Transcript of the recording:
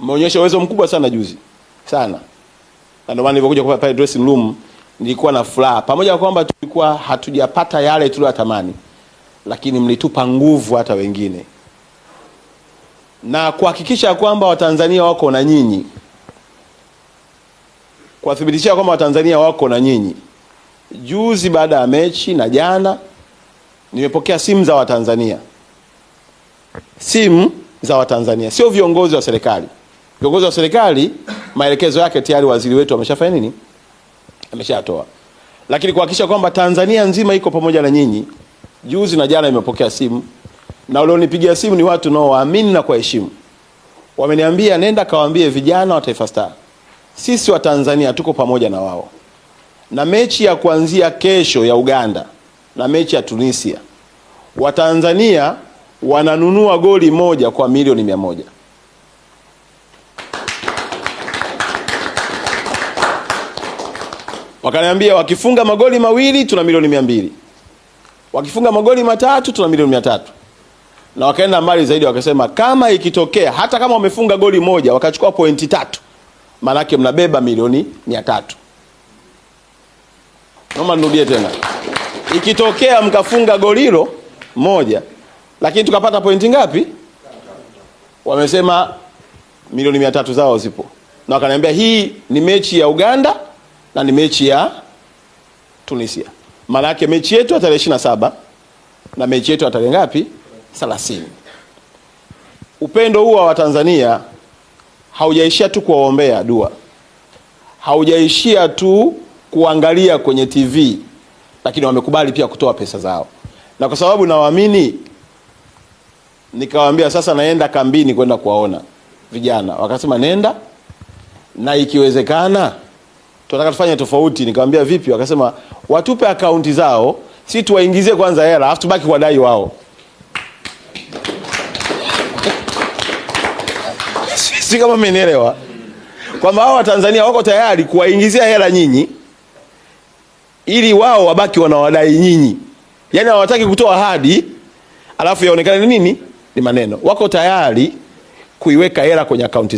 mmeonyesha uwezo mkubwa sana juzi sana, na ndio maana nilipokuja kwa pale dressing room nilikuwa na furaha, pamoja na kwamba tulikuwa hatujapata yale tuliyotamani, lakini mlitupa nguvu hata wengine na kuhakikisha kwamba Watanzania wako na nyinyi, kuwathibitishia kwamba Watanzania wako na nyinyi. Juzi baada ya mechi na jana nimepokea simu za Watanzania, simu za Watanzania, sio viongozi wa serikali. Viongozi wa serikali maelekezo yake tayari waziri wetu ameshafanya nini? Ameshatoa. Lakini kuhakikisha kwamba Tanzania nzima iko pamoja na nyinyi, juzi na jana imepokea simu na walionipigia simu ni watu nao waamini na kuheshimu. Wameniambia nenda kawaambie vijana wa Taifa Star, sisi wa Tanzania tuko pamoja na wao, na mechi ya kuanzia kesho ya Uganda na mechi ya Tunisia, Watanzania wananunua goli moja kwa milioni mia moja. Wakaniambia wakifunga magoli mawili tuna milioni mia mbili wakifunga magoli matatu tuna milioni mia tatu na wakaenda mbali zaidi, wakasema kama ikitokea hata kama wamefunga goli moja wakachukua pointi tatu, maanake mnabeba milioni mia tatu. noma nirudie tena, ikitokea mkafunga goli hilo moja lakini tukapata pointi ngapi? Wamesema milioni mia tatu zao zipo, na wakaniambia hii ni mechi ya Uganda na ni mechi ya Tunisia. Maana yake mechi yetu ya tarehe 27 na mechi yetu ya tarehe ngapi? 30. Upendo huu wa Tanzania haujaishia tu kuwaombea dua, haujaishia tu kuangalia kwenye TV, lakini wamekubali pia kutoa pesa zao, na kwa sababu nawaamini, nikawaambia sasa naenda kambini kwenda kuwaona vijana, wakasema nenda na ikiwezekana tunataka tufanye tofauti. Nikamwambia vipi? wakasema watupe akaunti zao, si tuwaingizie kwanza hela afu tubaki kwa dai wao. si kama mmenielewa kwamba hao Watanzania wako tayari kuwaingizia hela nyinyi ili wao wabaki wanawadai nyinyi, yaani hawataki kutoa ahadi alafu yaonekane ni nini ni maneno. Wako tayari kuiweka hela kwenye akaunti